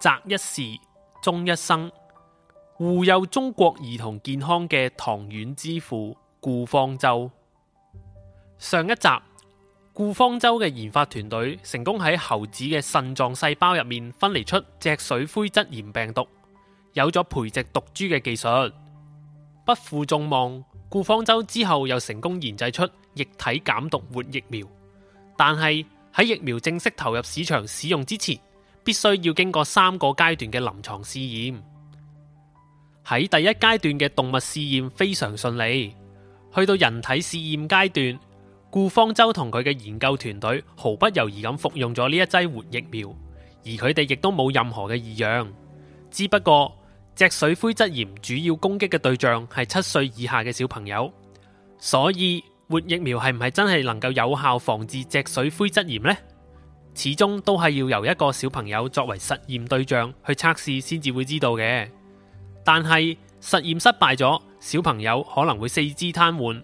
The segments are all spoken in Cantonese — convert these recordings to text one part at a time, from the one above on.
擇一事，終一生，護佑中國兒童健康嘅糖丸之父顧方舟。上一集，顧方舟嘅研發團隊成功喺猴子嘅腎臟細胞入面分離出脊髓灰質炎病毒，有咗培植毒株嘅技術。不負眾望，顧方舟之後又成功研製出液體減毒活疫苗，但係喺疫苗正式投入市場使用之前，必須要經過三個階段嘅臨床試驗，喺第一階段嘅動物試驗非常順利，去到人體試驗階段，顧方舟同佢嘅研究團隊毫不猶豫咁服用咗呢一劑活疫苗，而佢哋亦都冇任何嘅異樣。只不過脊髓灰質炎主要攻擊嘅對象係七歲以下嘅小朋友，所以活疫苗係唔係真係能夠有效防治脊髓灰質炎呢？始終都係要由一個小朋友作為實驗對象去測試先至會知道嘅，但係實驗失敗咗，小朋友可能會四肢癱瘓。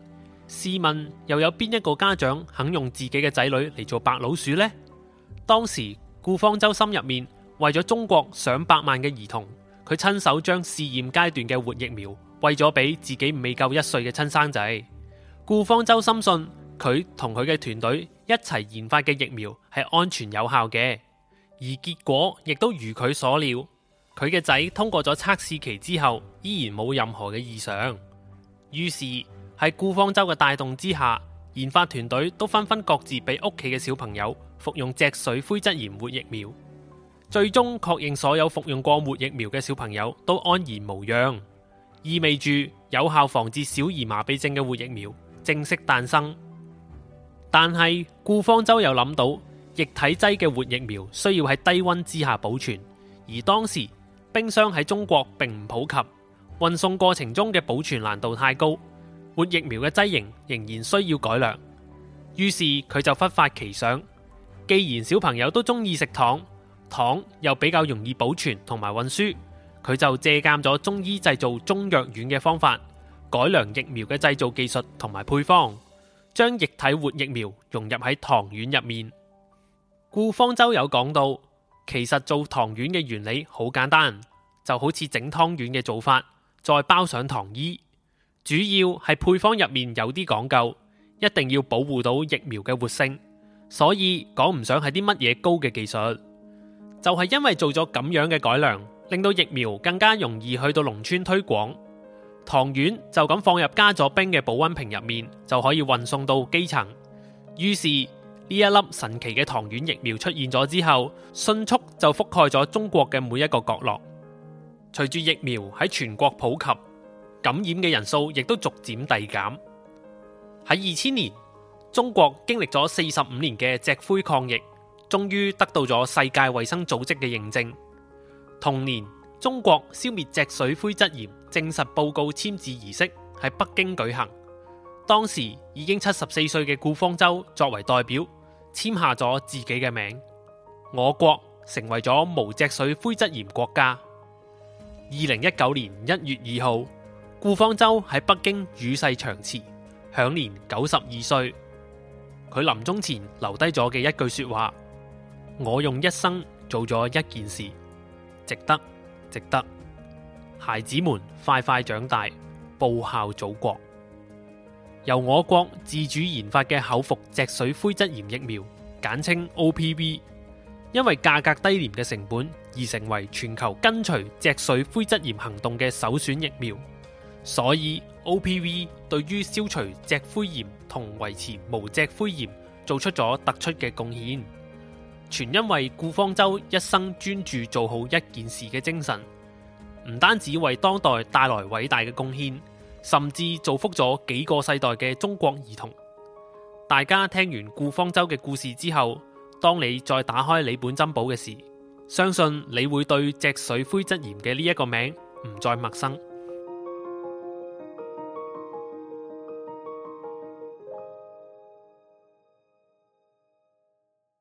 試問又有邊一個家長肯用自己嘅仔女嚟做白老鼠呢？當時顧方舟心入面為咗中國上百萬嘅兒童，佢親手將試驗階段嘅活疫苗餵咗俾自己未夠一歲嘅親生仔。顧方舟深信。佢同佢嘅團隊一齊研發嘅疫苗係安全有效嘅，而結果亦都如佢所料，佢嘅仔通過咗測試期之後依然冇任何嘅異常。於是喺顧方舟嘅帶動之下，研發團隊都紛紛各自俾屋企嘅小朋友服用脊髓灰質炎活疫苗，最終確認所有服用過活疫苗嘅小朋友都安然無恙，意味住有效防止小兒麻痹症嘅活疫苗正式誕生。但係，顧方舟又諗到液體劑嘅活疫苗需要喺低溫之下保存，而當時冰箱喺中國並唔普及，運送過程中嘅保存難度太高，活疫苗嘅劑型仍然需要改良。於是佢就忽發奇想，既然小朋友都中意食糖，糖又比較容易保存同埋運輸，佢就借鑒咗中醫製造中藥丸嘅方法，改良疫苗嘅製造技術同埋配方。將液體活疫苗融入喺糖丸入面，顧方舟有講到，其實做糖丸嘅原理好簡單，就好似整湯丸嘅做法，再包上糖衣，主要係配方入面有啲講究，一定要保護到疫苗嘅活性，所以講唔上係啲乜嘢高嘅技術，就係、是、因為做咗咁樣嘅改良，令到疫苗更加容易去到農村推廣。糖丸就咁放入加咗冰嘅保溫瓶入面，就可以運送到基層。於是呢一粒神奇嘅糖丸疫苗出現咗之後，迅速就覆蓋咗中國嘅每一個角落。隨住疫苗喺全國普及，感染嘅人數亦都逐漸遞減。喺二千年，中國經歷咗四十五年嘅脊灰抗疫，終於得到咗世界衛生組織嘅認證。同年，中國消滅脊髓灰質炎證實報告簽字儀式喺北京舉行。當時已經七十四歲嘅顧方舟作為代表簽下咗自己嘅名，我國成為咗無脊髓灰質炎國家。二零一九年一月二號，顧方舟喺北京與世長辭，享年九十二歲。佢臨終前留低咗嘅一句說話：我用一生做咗一件事，值得。值得，孩子們快快長大，報效祖國。由我國自主研發嘅口服脊髓灰質炎疫苗，簡稱 OPV，因為價格低廉嘅成本而成為全球根除脊髓灰質炎行動嘅首選疫苗，所以 OPV 對於消除脊灰炎同維持無脊灰炎做出咗突出嘅貢獻。全因為顧方舟一生專注做好一件事嘅精神，唔單止為當代帶來偉大嘅貢獻，甚至造福咗幾個世代嘅中國兒童。大家聽完顧方舟嘅故事之後，當你再打開你本珍寶嘅時候，相信你會對脊髓灰質炎嘅呢一個名唔再陌生。